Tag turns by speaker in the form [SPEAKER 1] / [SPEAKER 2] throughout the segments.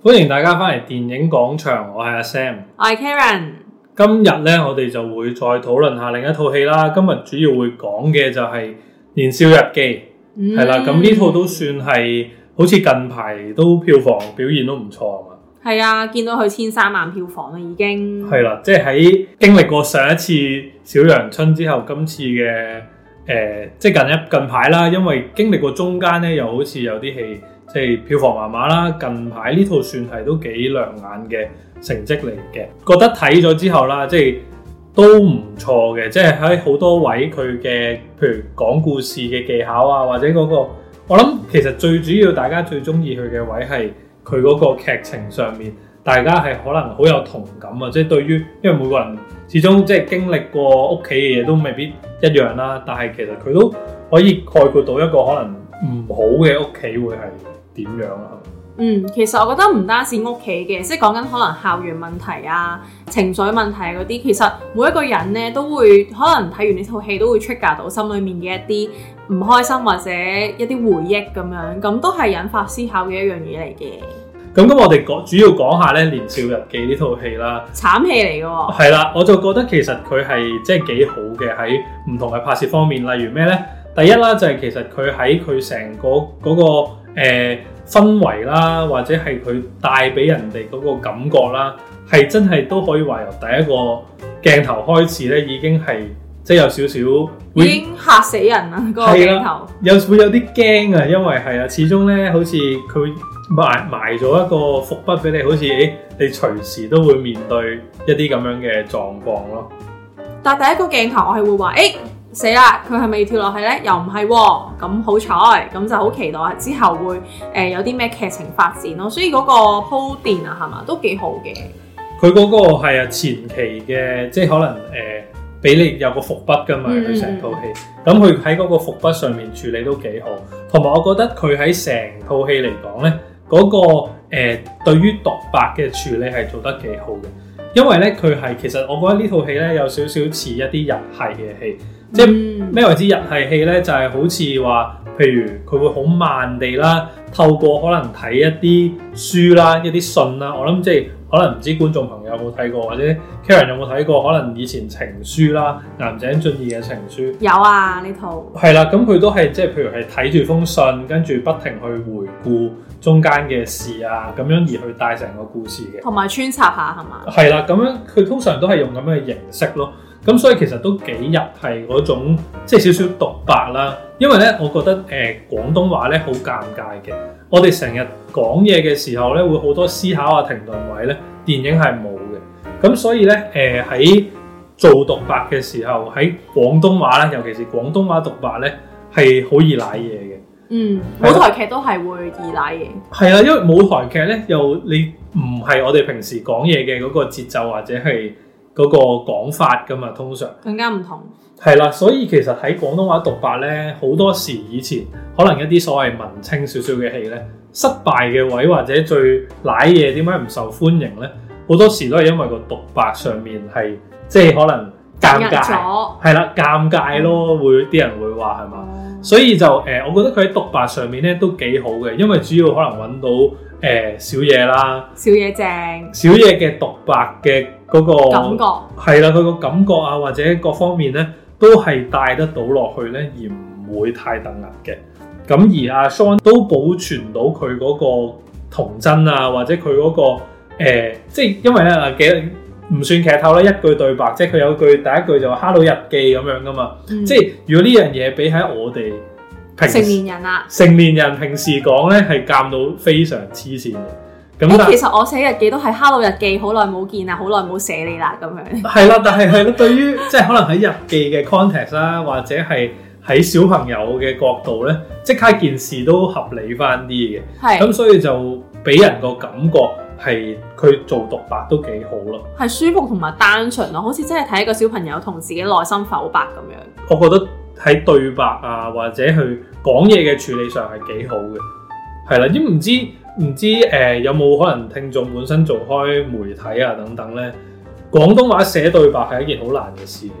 [SPEAKER 1] 歡迎大家翻嚟電影廣場，我係阿 Sam，
[SPEAKER 2] 我係 Karen。
[SPEAKER 1] 今日咧，我哋就會再討論下另一套戲啦。今日主要會講嘅就係《年少日記》，
[SPEAKER 2] 嗯，係啦。咁呢套
[SPEAKER 1] 都算係，好似近排都票房表現都唔錯啊嘛。
[SPEAKER 2] 係啊，見到佢千三萬票房啦，已經係
[SPEAKER 1] 啦。即係喺經歷過上一次《小陽春》之後，今次嘅，誒，即係近一近排啦，因為經歷過中間咧，又好似有啲戲。即係票房麻麻啦，近排呢套算係都幾亮眼嘅成績嚟嘅。覺得睇咗之後啦，即係都唔錯嘅。即係喺好多位佢嘅，譬如講故事嘅技巧啊，或者嗰個，我諗其實最主要大家最中意佢嘅位係佢嗰個劇情上面，大家係可能好有同感啊。即係對於，因為每個人始終即係經歷過屋企嘅嘢都未必一樣啦，但係其實佢都可以概括到一個可能唔好嘅屋企會係。
[SPEAKER 2] 點樣啦？嗯，其實我覺得唔單止屋企嘅，即係講緊可能校園問題啊、情緒問題嗰、啊、啲，其實每一個人咧都會可能睇完呢套戲都會 trigger 到心裡面嘅一啲唔開心或者一啲回憶咁樣，咁都係引發思考嘅一樣嘢嚟嘅。
[SPEAKER 1] 咁咁，我哋講主要講下咧《年少日記》呢套戲啦，
[SPEAKER 2] 慘戲嚟嘅喎。
[SPEAKER 1] 係啦，我就覺得其實佢係即係幾好嘅喺唔同嘅拍攝方面，例如咩咧？第一啦，就係、是、其實佢喺佢成個嗰、嗰個。誒、呃、氛圍啦，或者係佢帶俾人哋嗰個感覺啦，係真係都可以話由第一個鏡頭開始咧，已經係即係有少少已經
[SPEAKER 2] 嚇死人啦！嗰、那個鏡頭、啊、
[SPEAKER 1] 有會有啲驚啊，因為係啊，始終咧好似佢埋埋咗一個伏筆俾你，好似誒、欸、你隨時都會面對一啲咁樣嘅狀況咯。
[SPEAKER 2] 但係第一個鏡頭我，我係會話誒。死啦！佢係咪跳落去咧？又唔係咁好彩，咁就好期待之後會誒、呃、有啲咩劇情發展咯、哦。所以嗰個鋪墊啊，係嘛都幾好嘅。
[SPEAKER 1] 佢嗰個係啊前期嘅，即係可能誒俾、呃、你有個伏筆㗎嘛。佢成套戲，咁佢喺嗰個伏筆上面處理都幾好，同埋我覺得佢喺成套戲嚟講咧，嗰、嗰個誒、呃、對於獨白嘅處理係做得幾好嘅，因為咧佢係其實我覺得呢套戲咧有少少似一啲日系嘅戲。即係咩為之日系戲戲咧？就係好似話，譬如佢會好慢地啦，透過可能睇一啲書啦、一啲信啦。我諗即係可能唔知觀眾朋友有冇睇過，或者 Karen 有冇睇過？可能以前情書啦，岩井俊二嘅情書
[SPEAKER 2] 有啊呢套。係
[SPEAKER 1] 啦，咁佢都係即係譬如係睇住封信，跟住不停去回顧中間嘅事啊，咁樣而去帶成個故事嘅。同
[SPEAKER 2] 埋穿插下係嘛？係
[SPEAKER 1] 啦，咁樣佢通常都係用咁樣嘅形式咯。咁所以其實都幾日係嗰種即係少少獨白啦，因為咧，我覺得誒、呃、廣東話咧好尷尬嘅。我哋成日講嘢嘅時候咧，會好多思考啊、停頓位咧，電影係冇嘅。咁所以咧，誒、呃、喺做獨白嘅時候，喺廣東話咧，尤其是廣東話獨白咧，係好易瀨嘢嘅。
[SPEAKER 2] 嗯，啊、舞台劇都係會易瀨嘢。
[SPEAKER 1] 係啊，因為舞台劇咧，又你唔係我哋平時講嘢嘅嗰個節奏或者係。嗰個講法㗎嘛，通常
[SPEAKER 2] 更加唔同。
[SPEAKER 1] 係啦，所以其實喺廣東話獨白咧，好多時以前可能一啲所謂文青少少嘅戲咧，失敗嘅位或者最賴嘢，點解唔受歡迎咧？好多時都係因為個獨白上面係即係可能尷尬，係啦，尷尬咯，嗯、會啲人會話係嘛？所以就誒、呃，我覺得佢喺獨白上面咧都幾好嘅，因為主要可能揾到誒、呃、小野啦，
[SPEAKER 2] 小野正，
[SPEAKER 1] 小野嘅獨白嘅。嗰、那個係啦，佢個感，覺感覺啊，或者各方面咧，都係帶得到落去咧，而唔會太抌壓嘅。咁而阿、啊、Son 都保存到佢嗰個童真啊，或者佢嗰、那個、呃、即係因為咧，唔算劇透啦，一句對白即係佢有句第一句就話 Hello 日記咁樣㗎嘛。嗯、即係如果呢樣嘢俾喺我哋成年人啊，成年人平時講咧係尷到非常黐線嘅。咁其實我
[SPEAKER 2] 寫日記都係 Hello 日記，好耐冇見啦，好耐冇寫你啦，咁樣。係啦
[SPEAKER 1] 但係係咯，對於即係可能喺日記嘅 context 啦，或者係喺小朋友嘅角度咧，即刻件事都合理翻啲嘅。係是。咁所以就俾人個感覺係佢做獨白都幾好咯。
[SPEAKER 2] 係舒服同埋單純咯，好似真係睇一個小朋友同自己內心剖白咁樣。
[SPEAKER 1] 我覺得喺對白啊，或者去講嘢嘅處理上係幾好嘅。係啦，因為唔知。唔知誒、呃、有冇可能聽眾本身做開媒體啊等等呢？廣東話寫對白係一件好難嘅事嚟，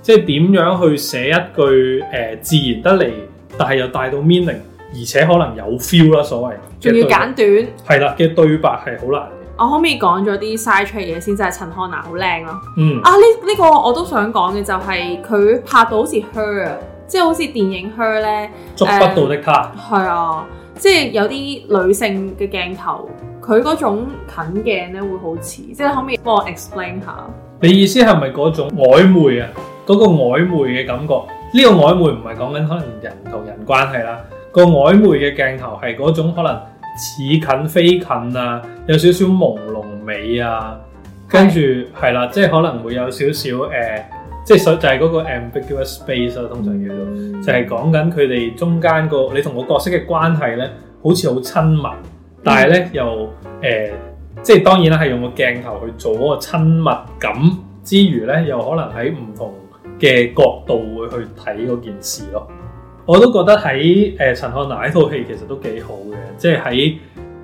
[SPEAKER 1] 即係點樣去寫一句誒、呃、自然得嚟，但係又帶到 meaning，而且可能有 feel 啦，所謂。仲要簡短，係啦嘅對白係好難
[SPEAKER 2] 嘅。我可唔可以講咗啲 side track 嘢先？就係、是、陳漢娜好靚咯。啊、嗯。啊呢呢、呢個我都想講嘅就係、是、佢拍到好似 hurt 即係、啊就是、好似電影 hurt 咧。觸不到的他。係、uh, 啊。即係有啲女性嘅鏡頭，佢嗰種近鏡咧會好似，即係可唔可以幫我 explain 下。
[SPEAKER 1] 你意思係咪嗰種曖昧啊？嗰個曖昧嘅感覺，呢個曖昧唔係講緊可能人同人關係啦。個曖昧嘅鏡頭係嗰種可能似近非近啊，有少少朦朧美啊，跟住係是啦，即係可能會有少少誒。呃即係就係嗰個 ambiguous space 咯，通常叫做、mm hmm. 就係講緊佢哋中間個你同我角色嘅關係咧，好似好親密，mm hmm. 但係咧又誒，即、呃、係、就是、當然啦，係用個鏡頭去做嗰個親密感之餘咧，又可能喺唔同嘅角度會去睇嗰件事咯。我都覺得喺誒、呃、陳漢娜呢套戲其實都幾好嘅，即係喺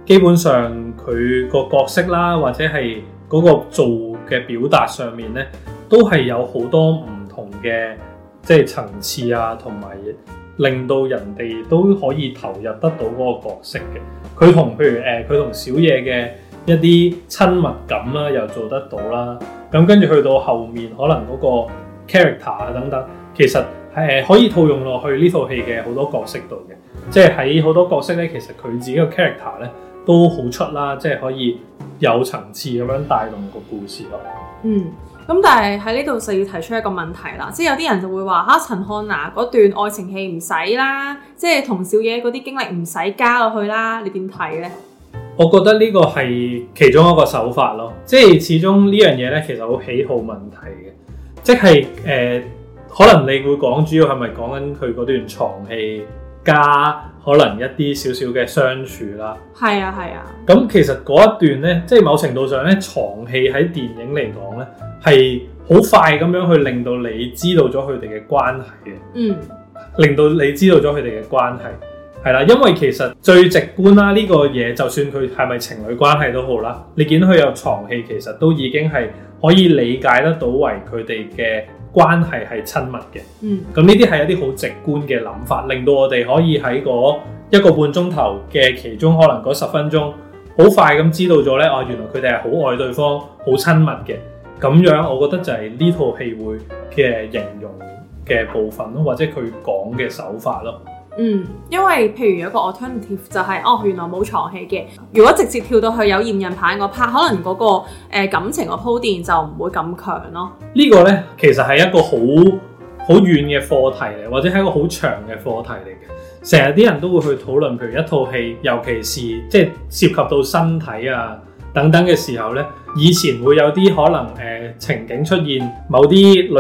[SPEAKER 1] 基本上佢個角色啦，或者係嗰個做嘅表達上面咧。都係有好多唔同嘅即係層次啊，同埋令到人哋都可以投入得到嗰個角色嘅。佢同譬如誒，佢、呃、同小野嘅一啲親密感啦，又做得到啦。咁跟住去到後面，可能嗰個 character 啊等等，其實係可以套用落去呢套戲嘅好多角色度嘅。即係喺好多角色咧，其實佢自己個 character 咧都好出啦，即係可以有層次咁樣帶動個故事咯。嗯。
[SPEAKER 2] 咁但係喺呢度就要提出一個問題啦，即係有啲人就會話吓，陳漢娜嗰段愛情戲唔使啦，即係同小野嗰啲經歷唔使加落去啦。你點睇呢？
[SPEAKER 1] 我覺得呢個係其中一個手法咯，即係始終呢樣嘢呢，其實好喜好問題嘅，即係誒、呃、可能你會講主要係咪講緊佢嗰段床戲加可能一啲少少嘅相處啦？
[SPEAKER 2] 係啊，係啊。
[SPEAKER 1] 咁其實嗰一段呢，即係某程度上呢，床戲喺電影嚟講呢，係好快咁樣去令到你知道咗佢哋嘅關係嘅，嗯，令到你知道咗佢哋嘅關係係啦，因為其實最直觀啦，呢個嘢就算佢係咪情侶關係都好啦，你見到佢有床戲，其實都已經係可以理解得到為佢哋嘅關係係親密嘅，嗯，咁呢啲係一啲好直觀嘅諗法，令到我哋可以喺嗰一個半鐘頭嘅其中可能嗰十分鐘，好快咁知道咗呢，啊「哦，原來佢哋係好愛對方、好親密嘅。咁樣，我覺得就係呢套戲會嘅形容嘅部分咯，或者佢講嘅手法咯。
[SPEAKER 2] 嗯，因為譬如有一個 alternative 就係、是、哦，原來冇床戲嘅。如果直接跳到去有驗孕牌個 part 可能嗰、那個、呃、感情嘅鋪墊就唔會咁強咯。
[SPEAKER 1] 呢個呢，其實係一個好好遠嘅課題嚟，或者係一個好長嘅課題嚟嘅。成日啲人都會去討論，譬如一套戲，尤其是即係涉及到身體啊，等等嘅時候呢，以前會有啲可能誒情景出現，某啲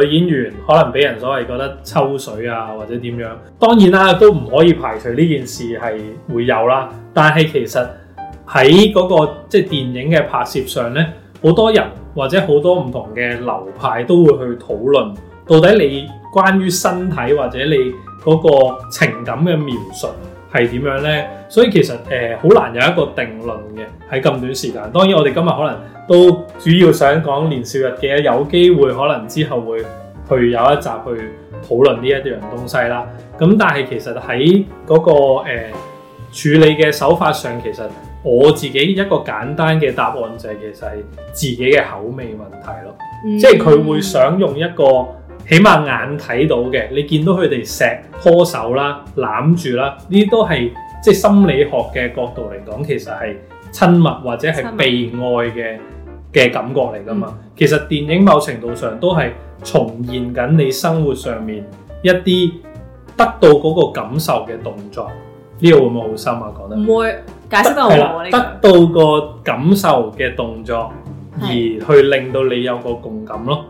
[SPEAKER 1] 女演員可能俾人所謂覺得抽水啊，或者點樣。當然啦，都唔可以排除呢件事係會有啦。但係其實喺嗰個即係電影嘅拍攝上呢，好多人或者好多唔同嘅流派都會去討論，到底你關於身體或者你嗰個情感嘅描述，係點樣呢？所以其實誒好、呃、難有一個定論嘅喺咁短時間。當然我哋今日可能都主要想講年少日記，有機會可能之後會去有一集去討論呢一樣東西啦。咁但係其實喺嗰、那個誒、呃、處理嘅手法上，其實我自己一個簡單嘅答案就係、是、其實係自己嘅口味問題咯。嗯、即係佢會想用一個。起碼眼睇到嘅，你見到佢哋錫拖手啦、攬住啦，呢啲都係即係心理學嘅角度嚟講，其實係親密或者係被愛嘅嘅感覺嚟㗎嘛。其實電影某程度上都係重現緊你生活上面一啲得到嗰個感受嘅動作，呢個會唔會好深啊？覺得唔會
[SPEAKER 2] 解釋下我呢？得
[SPEAKER 1] 到個感受嘅動作，而去令到你有個共感咯。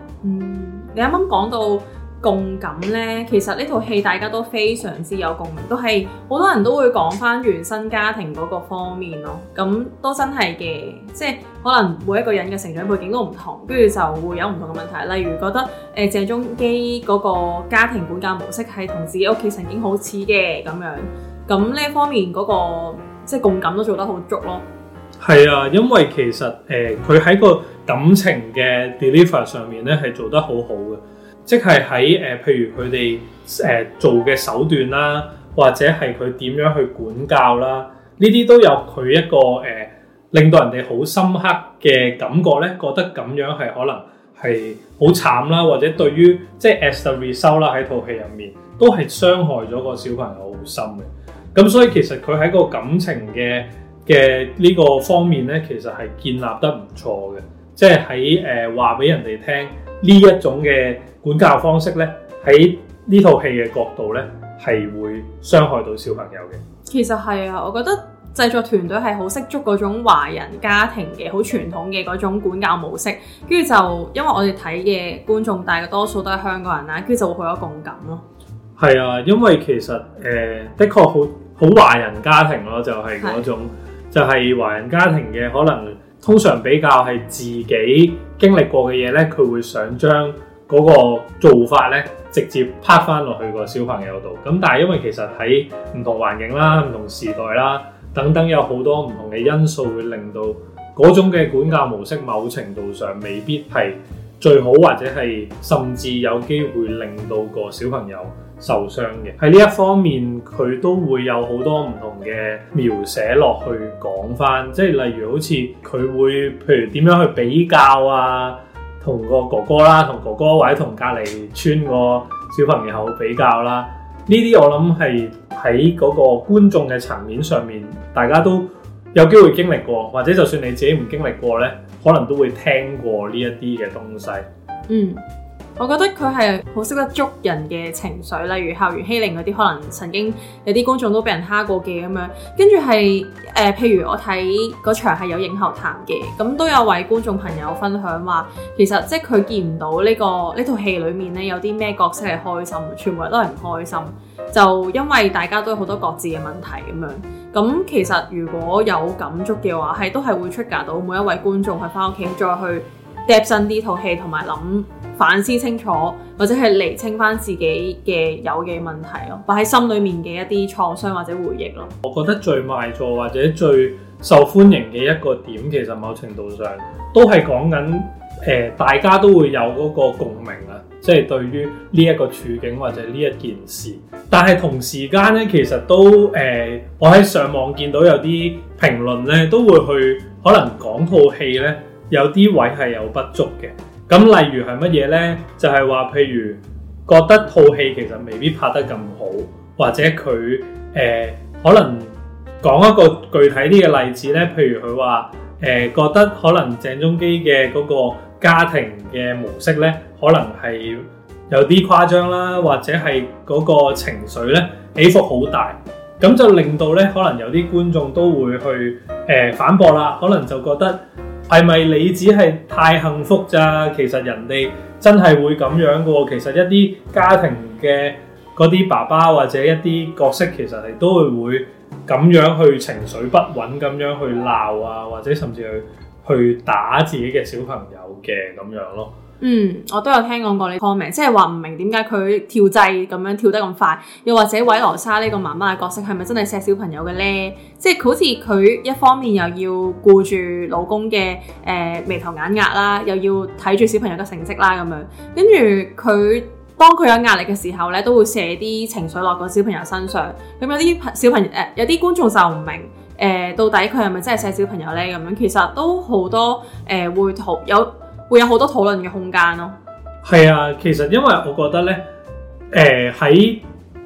[SPEAKER 2] 你啱啱講到共感呢，其實呢套戲大家都非常之有共鳴，都係好多人都會講翻原生家庭嗰個方面咯。咁、嗯、都真係嘅，即係可能每一個人嘅成長背景都唔同，跟住就會有唔同嘅問題。例如覺得誒鄭中基嗰個家庭管教模式係同自己屋企曾經好似嘅咁樣，咁、嗯、呢方面嗰、嗰個即係共感都做得好足咯。
[SPEAKER 1] 係啊，因為其實誒佢喺個感情嘅 delivery 上面咧係做得好好嘅，即係喺誒譬如佢哋誒做嘅手段啦，或者係佢點樣去管教啦，呢啲都有佢一個誒、呃、令到人哋好深刻嘅感覺咧，覺得咁樣係可能係好慘啦，或者對於即係 as the result 啦喺套戲入面都係傷害咗個小朋友好深嘅，咁所以其實佢喺個感情嘅。嘅呢個方面呢，其實係建立得唔錯嘅，即係喺誒話俾人哋聽呢一種嘅管教方式呢，喺呢套戲嘅角度呢，係會傷害到小朋友嘅。
[SPEAKER 2] 其實係啊，我覺得製作團隊係好識捉嗰種華人家庭嘅好傳統嘅嗰種管教模式，跟住就因為我哋睇嘅觀眾大嘅多數都係香港人啦，跟住就會好有共感咯、啊。
[SPEAKER 1] 係啊，因為其實誒、呃、的確好好華人家庭咯，就係、是、嗰種。就係華人家庭嘅可能，通常比較係自己經歷過嘅嘢，呢佢會想將嗰個做法呢直接拍翻落去個小朋友度。咁但係因為其實喺唔同環境啦、唔同時代啦等等，有好多唔同嘅因素會令到嗰種嘅管教模式某程度上未必係最好，或者係甚至有機會令到個小朋友，受傷嘅喺呢一方面，佢都會有好多唔同嘅描寫落去講返，即係例如好似佢會，譬如點樣去比較啊，同個哥哥啦，同哥哥或者同隔離村個小朋友比較啦。呢啲我諗係喺嗰個觀眾嘅層面上面，大家都有機會經歷過，或者就算你自己唔經歷過呢，可能都會聽過呢一啲嘅東西。
[SPEAKER 2] 嗯。我覺得佢係好識得捉人嘅情緒，例如校園欺凌嗰啲，可能曾經有啲觀眾都畀人蝦過嘅咁樣。跟住係誒，譬如我睇嗰場係有影後談嘅，咁都有位觀眾朋友分享話，其實即係佢見唔到呢、呢個呢套戲裡面咧有啲咩角色係開心，全部都係唔開心，就因為大家都有好多各自嘅問題咁樣。咁其實如果有感觸嘅話，係都係會 trigger 到每一位觀眾去翻屋企再去。跌深呢套戲，同埋諗反思清楚，或者係釐清返自己嘅有嘅問題咯，或喺心裡面嘅一啲創傷或者回憶咯。
[SPEAKER 1] 我覺得最賣座或者最受歡迎嘅一個點，其實某程度上都係講緊誒，大家都會有嗰個共鳴啊，即係對於呢一個處境或者呢一件事。但係同時間呢，其實都誒、呃，我喺上網見到有啲評論呢，都會去可能講套戲呢。有啲位係有不足嘅，咁例如係乜嘢呢？就係話，譬如覺得套戲其實未必拍得咁好，或者佢誒、呃、可能講一個具體啲嘅例子呢。譬如佢話誒覺得可能鄭中基嘅嗰個家庭嘅模式呢，可能係有啲誇張啦，或者係嗰個情緒呢起伏好大，咁就令到呢可能有啲觀眾都會去誒、呃、反駁啦，可能就覺得。係咪你只係太幸福咋？其實人哋真係會咁樣噶喎。其實一啲家庭嘅嗰啲爸爸或者一啲角色，其實係都會會咁樣去情緒不穩，咁樣去鬧啊，或者甚至去去打自己嘅小朋友嘅咁樣咯。
[SPEAKER 2] 嗯，我都有聽講過你 comment 即係話唔明點解佢跳掣咁樣跳得咁快，又或者韋羅莎呢個媽媽嘅角色係咪真係錫小朋友嘅呢？即、就、係、是、好似佢一方面又要顧住老公嘅誒、呃、眉頭眼額啦，又要睇住小朋友嘅成績啦咁樣，跟住佢當佢有壓力嘅時候呢，都會寫啲情緒落個小朋友身上。咁有啲小朋友、呃、有啲觀眾就唔明誒、呃，到底佢係咪真係錫小朋友呢？咁樣其實都好多誒、呃，會好有。會有好多討論嘅空間咯、
[SPEAKER 1] 哦。係啊，其實因為我覺得呢，誒喺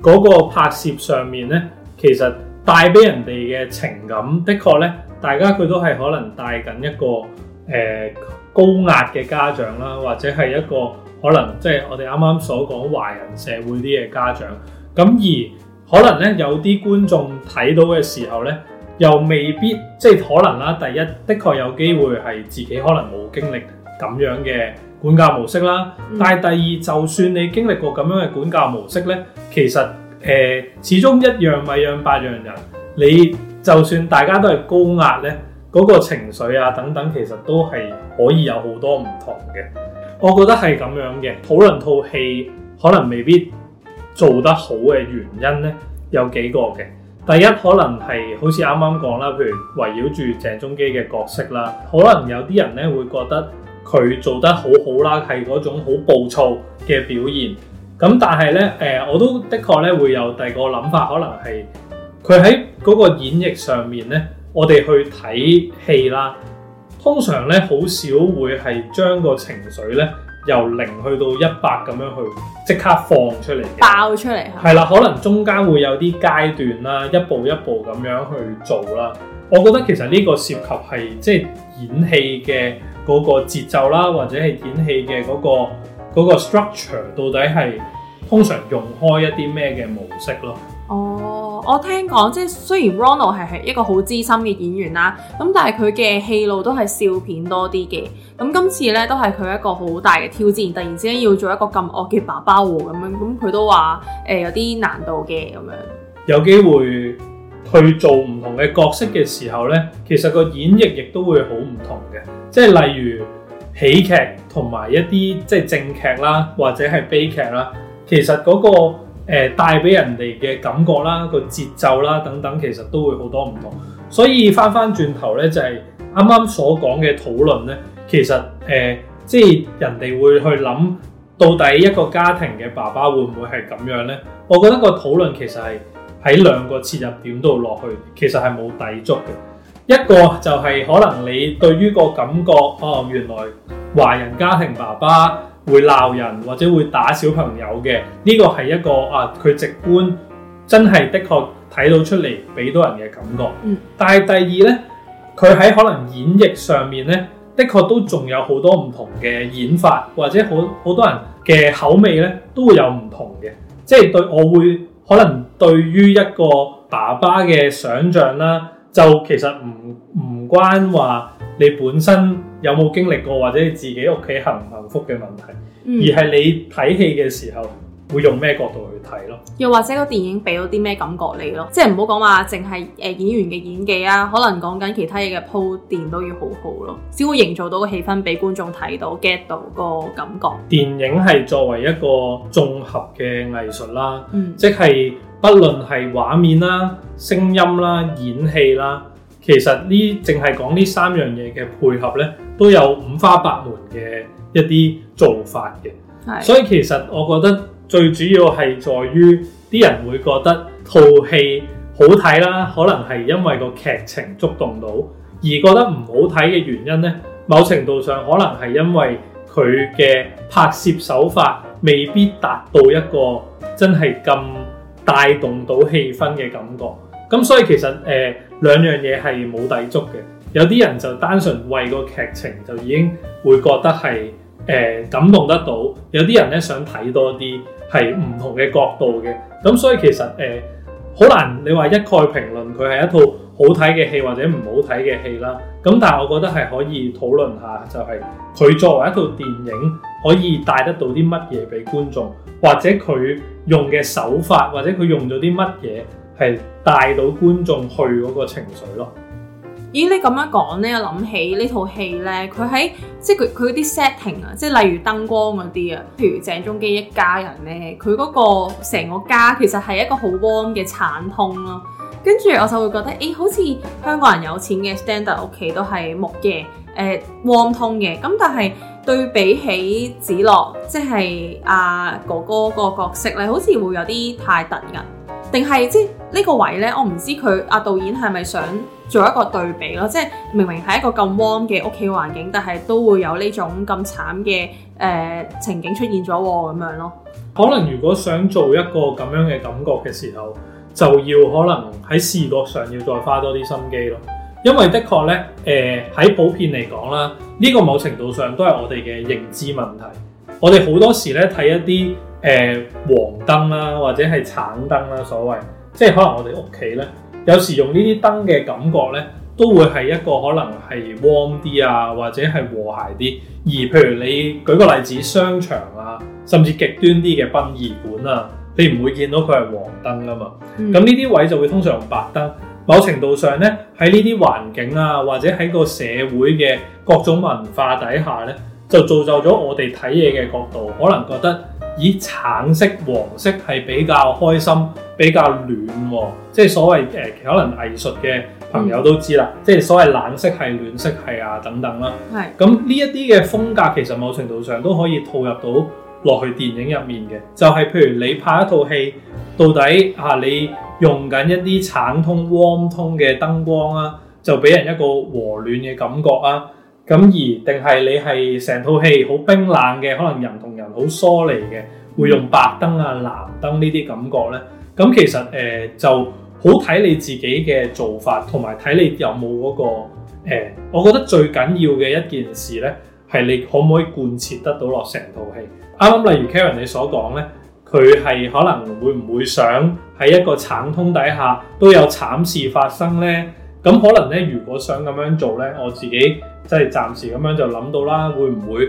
[SPEAKER 1] 嗰個拍攝上面呢，其實帶俾人哋嘅情感，的確呢，大家佢都係可能帶緊一個誒、呃、高壓嘅家長啦，或者係一個可能即係我哋啱啱所講華人社會啲嘅家長咁。而可能呢，有啲觀眾睇到嘅時候呢，又未必即係、就是、可能啦。第一的確有機會係自己可能冇經歷咁樣嘅管教模式啦，嗯、但係第二，就算你經歷過咁樣嘅管教模式呢，其實誒、呃、始終一樣米養百樣人，你就算大家都係高壓呢，嗰、嗰個情緒啊等等，其實都係可以有好多唔同嘅。我覺得係咁樣嘅。討論套戲可能未必做得好嘅原因呢，有幾個嘅。第一可能係好似啱啱講啦，譬如圍繞住鄭中基嘅角色啦，可能有啲人呢會覺得。佢做得好好啦，係嗰種好暴躁嘅表現。咁但係咧，誒、呃，我都的確咧會有第二個諗法，可能係佢喺嗰個演繹上面咧，我哋去睇戲啦。通常咧好少會係將個情緒咧由零去到一百咁樣去即刻放出嚟嘅，
[SPEAKER 2] 爆出嚟係
[SPEAKER 1] 啦。可能中間會有啲階段啦，一步一步咁樣去做啦。我覺得其實呢個涉及係即係演戲嘅。嗰個節奏啦，或者係演戲嘅嗰、嗰個嗰個 structure，到底係通常用開一啲咩嘅模式咯？
[SPEAKER 2] 哦，oh, 我聽講即係雖然 Ronald 係係一個好資深嘅演員啦，咁但係佢嘅戲路都係笑片多啲嘅。咁今次呢，都係佢一個好大嘅挑戰，突然之間要做一個咁惡嘅爸爸喎，咁樣咁佢都話誒、呃、有啲難度嘅咁樣，
[SPEAKER 1] 有機會。去做唔同嘅角色嘅時候呢，其實個演繹亦都會好唔同嘅，即係例如喜劇同埋一啲即係正劇啦，或者係悲劇啦，其實嗰個誒帶俾人哋嘅感覺啦、個節奏啦等等，其實都會好多唔同。所以返返轉頭呢，就係啱啱所講嘅討論呢。其實誒即係人哋會去諗到底一個家庭嘅爸爸會唔會係咁樣呢？我覺得個討論其實係。喺兩個切入點度落去，其實係冇抵觸嘅。一個就係可能你對於個感覺，哦，原來華人家庭爸爸會鬧人或者會打小朋友嘅，呢個係一個啊，佢直觀真係的，的確睇到出嚟俾到人嘅感覺。嗯。但係第二呢，佢喺可能演繹上面呢，的確都仲有好多唔同嘅演法，或者好好多人嘅口味呢，都會有唔同嘅，即係對我會。可能對於一個爸爸嘅想像啦，就其實唔唔關話你本身有冇經歷過，或者你自己屋企幸唔幸福嘅問題，而係你睇戲嘅時候，會用咩角度去睇咯？
[SPEAKER 2] 又或者個電影俾到啲咩感覺你咯？即係唔好講話淨係誒演員嘅演技啊，可能講緊其他嘢嘅鋪墊都要好好咯，只會營造到個氣氛俾觀眾睇到 get 到個感覺。電影係
[SPEAKER 1] 作為一個綜合嘅藝術啦，嗯、即係不論係畫面啦、聲音啦、演戲啦，其實呢淨係講呢三樣嘢嘅配合呢，都有五花八門嘅一啲做法嘅。係，所以其實我覺得。最主要係在於啲人會覺得套戲好睇啦，可能係因為個劇情觸動到，而覺得唔好睇嘅原因呢，某程度上可能係因為佢嘅拍攝手法未必達到一個真係咁帶動到氣氛嘅感覺。咁所以其實誒、呃、兩樣嘢係冇抵觸嘅。有啲人就單純為個劇情就已經會覺得係誒、呃、感動得到，有啲人咧想睇多啲。係唔同嘅角度嘅，咁所以其實誒好、呃、難，你話一概評論佢係一套好睇嘅戲或者唔好睇嘅戲啦。咁但係我覺得係可以討論下，就係佢作為一套電影可以帶得到啲乜嘢俾觀眾，或者佢用嘅手法，或者佢用咗啲乜嘢係帶到觀眾去嗰個情緒咯。
[SPEAKER 2] 咦，你咁樣講呢？我諗起呢套戲呢，佢喺即係佢佢啲 setting 啊，即係例如燈光嗰啲啊，譬如鄭中基一家人呢，佢嗰、那個成個家其實係一個好 warm 嘅橙通咯。跟住我就會覺得，咦、欸，好似香港人有錢嘅 standard 屋企都係木嘅，誒 warm 通嘅。咁但係對比起梓樂，就是啊，即係阿哥哥個角色咧，好似會有啲太突兀，定係即係呢個位呢？我唔知佢阿、啊、導演係咪想？做一個對比咯，即係明明係一個咁 warm 嘅屋企環境，但係都會有呢種咁慘嘅誒情景出現咗喎，咁樣咯。
[SPEAKER 1] 可能如果想做一個咁樣嘅感覺嘅時候，就要可能喺視覺上要再花多啲心機咯。因為的確呢，誒、呃、喺普遍嚟講啦，呢個某程度上都係我哋嘅認知問題。我哋好多時呢，睇一啲誒、呃、黃燈啦，或者係橙燈啦，所謂即係可能我哋屋企呢。有時用呢啲燈嘅感覺呢，都會係一個可能係 warm 啲啊，或者係和諧啲。而譬如你舉個例子，商場啊，甚至極端啲嘅殯儀館啊，你唔會見到佢係黃燈㗎嘛。咁呢啲位就會通常用白燈。某程度上呢，喺呢啲環境啊，或者喺個社會嘅各種文化底下呢，就造就咗我哋睇嘢嘅角度，可能覺得，以橙色、黃色係比較開心、比較暖，即係所謂誒、呃，可能藝術嘅朋友都知啦，嗯、即係所謂冷色系、暖色系啊等等啦。係咁呢一啲嘅風格，其實某程度上都可以套入到落去電影入面嘅，就係、是、譬如你拍一套戲，到底嚇、啊、你用緊一啲橙通、汪通嘅燈光啊，就俾人一個和暖嘅感覺啊。咁而定係你係成套戲好冰冷嘅，可能人同人好疏離嘅，會用白燈啊、藍燈呢啲感覺咧。咁其實誒、呃、就好睇你自己嘅做法，同埋睇你有冇嗰、那個、呃、我覺得最緊要嘅一件事咧，係你可唔可以貫徹得到落成套戲。啱啱例如 Karen 你所講咧，佢係可能會唔會想喺一個慘痛底下都有慘事發生咧？咁可能咧，如果想咁樣做咧，我自己即係暫時咁樣就諗到啦。會唔會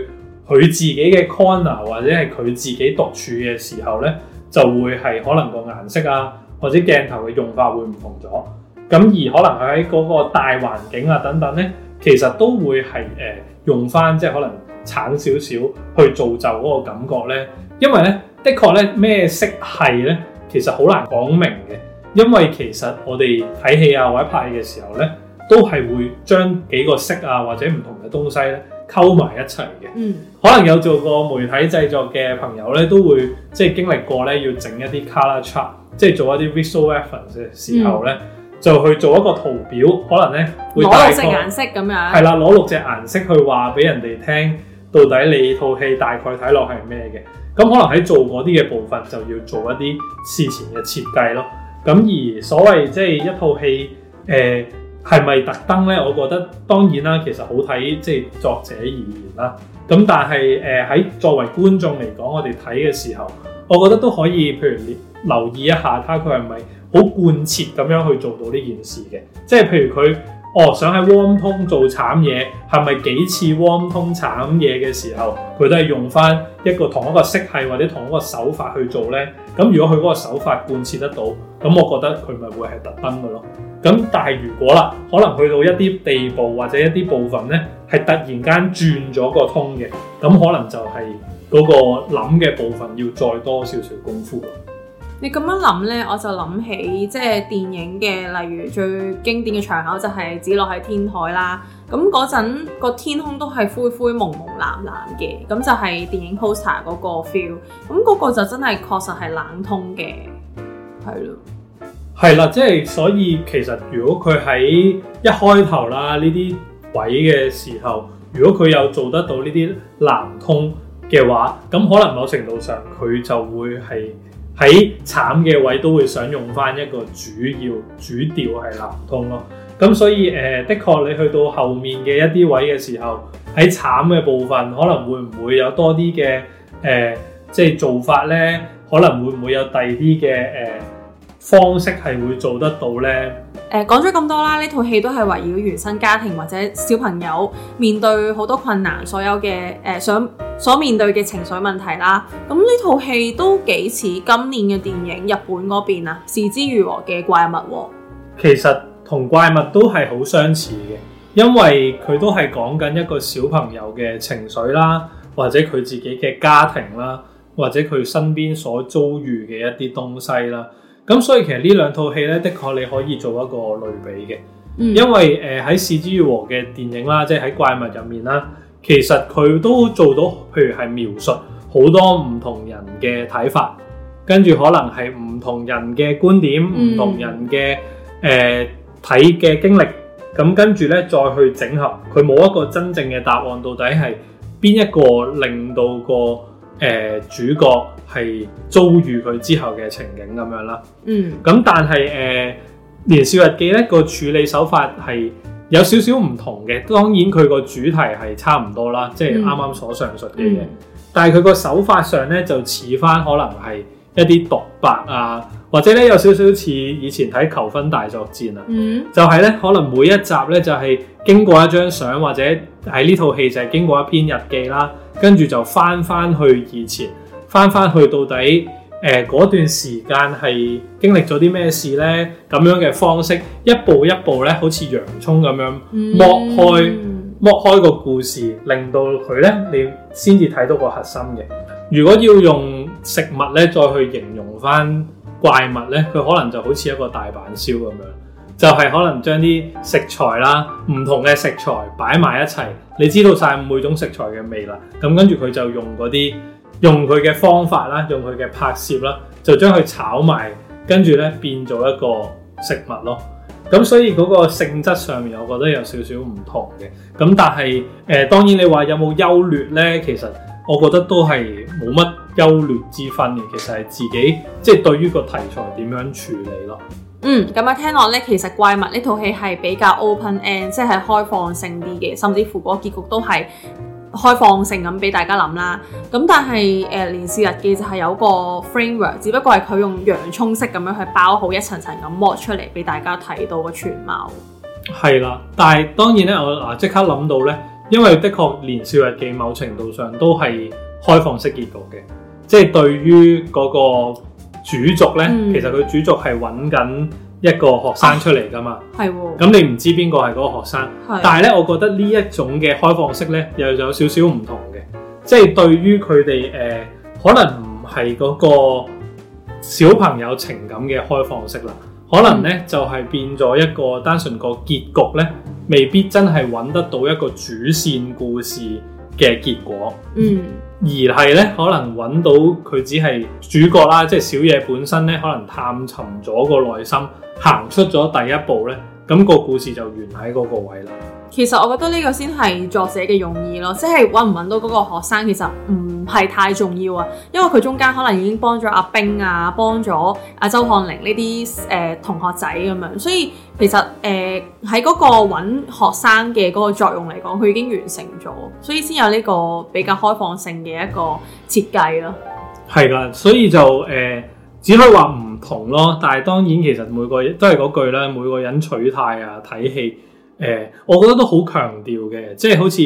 [SPEAKER 1] 佢自己嘅 corner 或者係佢自己獨處嘅時候咧，就會係可能個顏色啊，或者鏡頭嘅用法會唔同咗？咁而可能喺嗰個大環境啊等等咧，其實都會係誒、呃、用翻，即係可能橙少少去造就嗰個感覺咧。因為咧，的確咧，咩色系咧，其實好難講明嘅。因為其實我哋睇戲啊，或者拍戲嘅時候咧，都係會將幾個色啊，或者唔同嘅東西咧溝埋一齊嘅。嗯，可能有做過媒體製作嘅朋友咧，都會即係經歷過咧，要整一啲 color chart，即係做一啲 visual reference 嘅時候咧，嗯、就去做一個圖表，可能咧攞六隻顏色咁
[SPEAKER 2] 樣，係啦，
[SPEAKER 1] 攞六隻顏色去話俾人哋聽，到底你套戲大概睇落係咩嘅？咁、嗯、可能喺做嗰啲嘅部分，就要做一啲事前嘅設計咯。咁而所謂即係一套戲，誒係咪特登呢？我覺得當然啦，其實好睇即係作者而言啦。咁但係誒喺作為觀眾嚟講，我哋睇嘅時候，我覺得都可以譬如你留意一下，睇佢係咪好貫徹咁樣去做到呢件事嘅？即係譬如佢。哦，想喺 warm tone 做慘嘢，係咪幾次 warm tone 慘嘢嘅時候，佢都係用返一個同一個色系或者同一個手法去做呢？咁如果佢嗰個手法貫徹得到，咁我覺得佢咪會係特登嘅咯。咁但係如果啦，可能去到一啲地步或者一啲部分呢，係突然間轉咗個 tone 嘅，咁可能就係嗰個諗嘅部分要再多少少功夫。
[SPEAKER 2] 你咁樣諗呢，我就諗起即係電影嘅，例如最經典嘅場口就係子樂喺天台啦。咁嗰陣個天空都係灰灰蒙蒙，蒙，蒙，蒙，藍藍嘅，咁就係電影 poster 嗰個 feel。咁嗰個就真係確實係冷通嘅，係咯，
[SPEAKER 1] 係啦。即係所以其實如果佢喺一開頭啦呢啲位嘅時候，如果佢有做得到呢啲冷通嘅話，咁可能某程度上佢就會係。喺慘嘅位都會想用返一個主要主調係南通咯，咁所以誒、呃，的確你去到後面嘅一啲位嘅時候，喺慘嘅部分可能會唔會有多啲嘅誒，即係做法咧，可能會唔會有第二啲嘅誒，呃方式係會做得到呢。
[SPEAKER 2] 誒講咗咁多啦，呢套戲都係圍繞原生家庭或者小朋友面對好多困難，所有嘅誒、呃、想所面對嘅情緒問題啦。咁呢套戲都幾似今年嘅電影日本嗰邊啊是枝裕和嘅怪物，哦。
[SPEAKER 1] 其實同怪物都係好相似嘅，因為佢都係講緊一個小朋友嘅情緒啦，或者佢自己嘅家庭啦，或者佢身邊所遭遇嘅一啲東西啦。咁所以其實呢兩套戲咧，的確你可以做一個類比嘅，嗯、因為誒喺《是、呃、枝裕和》嘅電影啦，即係喺怪物入面啦，其實佢都做到，譬如係描述好多唔同人嘅睇法，跟住可能係唔同人嘅觀點，唔、嗯、同人嘅誒睇嘅經歷。咁跟住咧再去整合，佢冇一個真正嘅答案，到底係邊一個令到個誒、呃、主角？係遭遇佢之後嘅情景咁樣啦。嗯，咁但係誒、呃《年少日記》呢咧個處理手法係有少少唔同嘅。當然佢個主題係差唔多啦，即係啱啱所上述嘅嘢。嗯、但係佢個手法上咧就似翻可能係一啲獨白啊，或者咧有少少似以前睇《求婚大作戰》啊。嗯，就係咧，可能每一集咧就係、是、經過一張相，或者喺呢套戲就係經過一篇日記啦，跟住就翻翻去以前。翻翻去到底，誒、呃、嗰段時間係經歷咗啲咩事呢？咁樣嘅方式，一步一步咧，好似洋葱咁樣、嗯、剝開剝開個故事，令到佢呢，你先至睇到個核心嘅。如果要用食物呢，再去形容翻怪物呢，佢可能就好似一個大阪燒咁樣，就係、是、可能將啲食材啦，唔同嘅食材擺埋一齊，你知道晒每種食材嘅味啦。咁跟住佢就用嗰啲。用佢嘅方法啦，用佢嘅拍攝啦，就將佢炒埋，跟住咧變做一個食物咯。咁所以嗰個性質上面，我覺得有少少唔同嘅。咁但係誒、呃，當然你話有冇優劣咧？其實我覺得都係冇乜優劣之分嘅。其實係自己即係、就是、對於個題材點樣處理咯。
[SPEAKER 2] 嗯，咁啊，聽落咧，其實怪物呢套戲係比較 open end，即係開放性啲嘅，甚至乎個結局都係。開放性咁俾大家諗啦，咁但係誒年少日記就係有一個 framework，只不過係佢用洋葱式咁樣去包好一層，層咁剝出嚟俾大家睇到個全貌。
[SPEAKER 1] 係啦，但係當然咧，我嗱即刻諗到咧，因為的確年少日記某程度上都係開放式結局嘅，即、就、係、是、對於嗰個主軸咧，嗯、其實佢主軸係揾緊。一個學生出嚟噶嘛？係喎、啊。咁你唔知邊個係嗰個學生，係，但係咧，我覺得呢一種嘅開放式呢，又有少少唔同嘅，即係對於佢哋誒，可能唔係嗰個小朋友情感嘅開放式啦，可能呢，嗯，就係變咗一個單純個結局呢，未必真係揾得到一個主線故事嘅結果，嗯，而係呢，可能揾到佢只係主角啦，即係小野本身呢，可能探尋咗個內心。行出咗第一步呢，咁個故事就完喺嗰個位啦。
[SPEAKER 2] 其實我覺得呢個先係作者嘅用意咯，即係揾唔揾到嗰個學生，其實唔係太重要啊。因為佢中間可能已經幫咗阿冰啊，幫咗阿周漢玲呢啲誒同學仔咁樣，所以其實誒喺嗰個揾學生嘅嗰個作用嚟講，佢已經完成咗，所以先有呢個比較開放性嘅一個設計咯。
[SPEAKER 1] 係啦，所以就誒、呃，只可以話唔。同咯，但係當然其實每個都係嗰句啦。每個人取態啊，睇戲，誒、呃，我覺得都好強調嘅，即係好似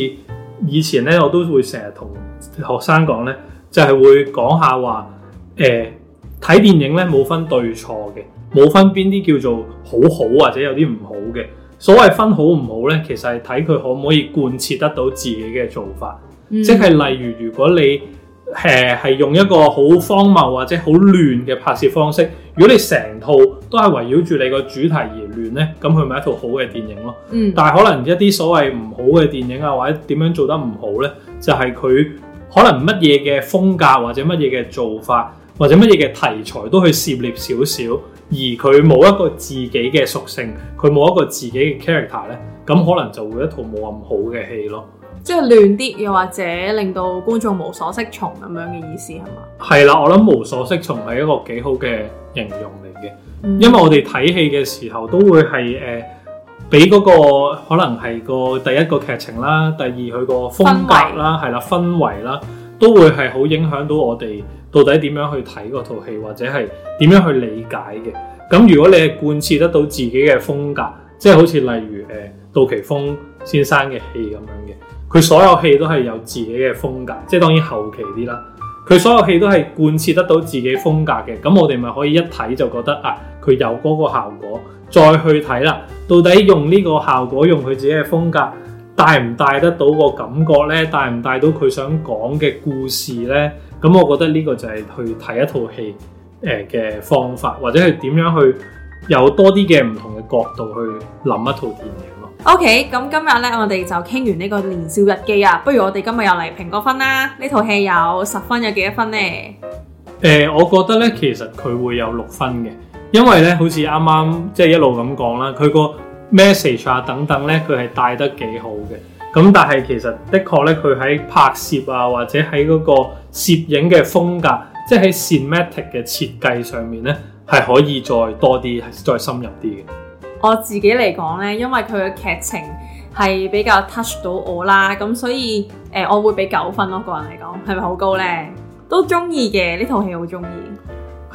[SPEAKER 1] 以前咧，我都會成日同學生講咧，就係、是、會講下話誒睇電影咧冇分對錯嘅，冇分邊啲叫做好好或者有啲唔好嘅，所謂分好唔好咧，其實係睇佢可唔可以貫徹得到自己嘅做法，嗯、即係例如如果你。誒係用一個好荒謬或者好亂嘅拍攝方式。如果你成套都係圍繞住你個主題而亂呢，咁佢咪一套好嘅電影咯。嗯，但係可能一啲所謂唔好嘅電影啊，或者點樣做得唔好呢，就係佢可能乜嘢嘅風格或者乜嘢嘅做法或者乜嘢嘅題材都去涉獵少少，而佢冇一個自己嘅屬性，佢冇一個自己嘅 character 呢，咁可能就會一套冇咁好嘅戲咯。
[SPEAKER 2] 即係亂啲，又或者令到觀眾無所適從咁樣嘅意思係嘛？
[SPEAKER 1] 係啦，我諗無所適從係一個幾好嘅形容嚟嘅，嗯、
[SPEAKER 2] 因為我哋
[SPEAKER 1] 睇戲嘅時候都會係誒俾嗰個可能係個第一個劇情啦，第二佢個風格啦，係啦氛圍圍啦，都會係好影響到我哋到底點樣去睇嗰套戲，或者係點樣去理解嘅。咁如果你係貫徹得到自己嘅風格，即係好似例如誒、呃、杜琪峰先生嘅戲咁樣嘅。佢所有戲都係有自己嘅風格，即係當然後期啲啦。佢所有戲都係貫徹得到自己風格嘅，咁我哋咪可以一睇就覺得啊，佢有嗰個效果，再去睇啦，到底用呢個效果，用佢自己嘅風格帶唔帶得到個感覺呢？帶唔帶到佢想講嘅故事呢？咁我覺得呢個就係去睇一套戲誒嘅方法，或者係點樣去有多啲嘅唔同嘅角度去諗一套電影。
[SPEAKER 2] O K，咁今日咧，我哋就傾完呢個年少日記啊，不如我哋今日又嚟評個分啦？呢套戲有十分，有幾多分呢？誒、
[SPEAKER 1] 呃，我覺得咧，其實佢會有六分嘅，因為咧，好似啱啱即係一路咁講啦，佢個 message 啊等等咧，佢係帶得幾好嘅。咁但係其實的確咧，佢喺拍攝啊或者喺嗰個攝影嘅風格，即係喺 cinematic 嘅設計上面咧，係可以再多啲，再深入啲嘅。
[SPEAKER 2] 我自己嚟講呢，因為佢嘅劇情係比較 touch 到我啦，咁所以誒、呃，我會俾九分咯。個人嚟講，係咪好高呢？都中意嘅呢套戲，好中意。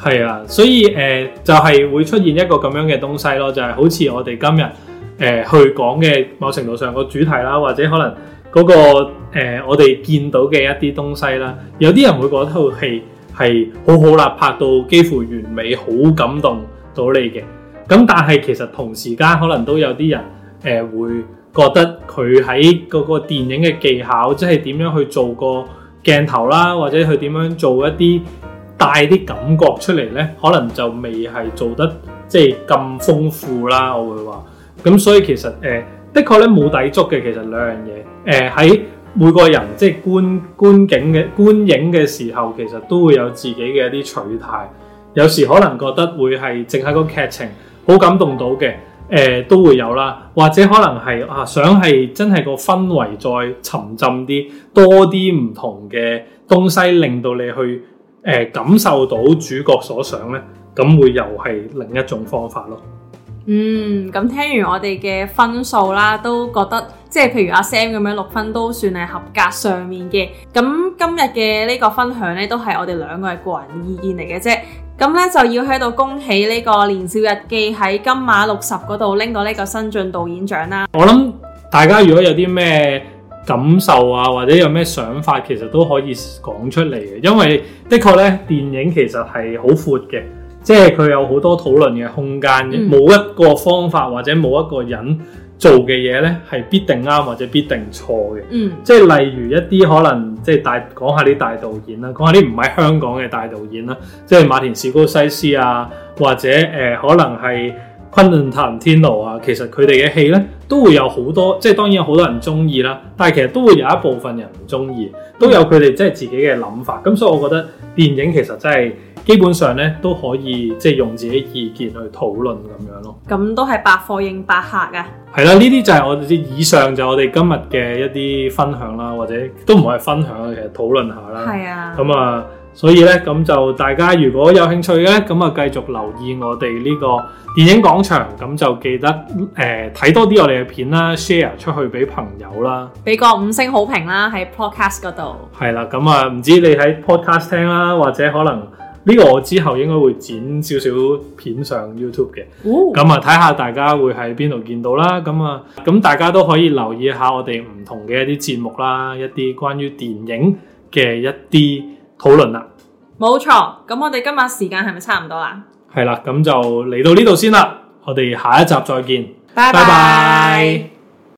[SPEAKER 1] 係啊，所以誒、呃，就係、是、會出現一個咁樣嘅東西咯，就係、是、好似我哋今日誒、呃、去講嘅某程度上個主題啦，或者可能嗰、那個誒、呃、我哋見到嘅一啲東西啦，有啲人會覺得套戲係好好啦，拍到幾乎完美，好感動到你嘅。咁但係其實同時間可能都有啲人誒、呃、會覺得佢喺嗰個電影嘅技巧，即係點樣去做個鏡頭啦，或者佢點樣做一啲帶啲感覺出嚟咧，可能就未係做得即係咁豐富啦。我會話，咁所以其實誒、呃，的確咧冇底足嘅。其實兩樣嘢誒喺每個人即係觀觀景嘅觀影嘅時候，其實都會有自己嘅一啲取態。有時可能覺得會係淨係個劇情。好感動到嘅，誒都會有啦，或者可能係啊，想係真係個氛圍再沉浸啲，多啲唔同嘅東西，令到你去誒感受到主角所想咧，咁會又係另一種方法咯。
[SPEAKER 2] 嗯，咁聽完我哋嘅分數啦，都覺得即係譬如阿 Zam 咁樣六分都算係合格上面嘅。咁今日嘅呢個分享咧，都係我哋兩個嘅個人意見嚟嘅啫。咁咧就要喺度恭喜呢個年少日記喺金馬六十嗰度拎到呢個新晉導演獎啦！
[SPEAKER 1] 我諗大家如果有啲咩感受啊，或者有咩想法，其實都可以講出嚟嘅，因為的確呢電影其實係好闊嘅，即係佢有好多討論嘅空間、嗯、冇一個方法或者冇一個人。做嘅嘢呢，係必定啱或者必定錯嘅，即係、嗯、例如一啲可能即係大講下啲大導演啦，講下啲唔喺香港嘅大導演啦，即係馬田史高西斯啊，或者誒、呃、可能係昆頓塔倫天奴啊，其實佢哋嘅戲呢，都會有好多，即係當然有好多人中意啦，但係其實都會有一部分人唔中意，都有佢哋即係自己嘅諗法咁，嗯、所以我覺得電影其實真係。基本上咧都可以，即係用自己意見去討論咁樣咯。
[SPEAKER 2] 咁都係百貨應百客嘅。
[SPEAKER 1] 係啦，呢啲就係我哋以上就我哋今日嘅一啲分享啦，或者都唔係分享啊，其實討論下啦。係啊。咁啊，所以咧咁就大家如果有興趣咧，咁啊繼續留意我哋呢個電影廣場，咁就記得誒睇、呃、多啲我哋嘅片啦，share 出去俾朋友啦，
[SPEAKER 2] 俾個五星好評啦喺 Podcast 嗰度。
[SPEAKER 1] 係啦，咁啊唔知你喺 Podcast 聽啦，或者可能。呢個我之後應該會剪少少片上 YouTube 嘅，咁、哦、啊睇下大家會喺邊度見到啦。咁啊，咁大家都可以留意下我哋唔同嘅一啲節目啦，一啲關於電影嘅一啲討論啦。冇錯，
[SPEAKER 2] 咁我哋今日時間係咪差唔多啦？
[SPEAKER 1] 係啦，咁就嚟到呢度先啦。我哋下一集再見，拜拜。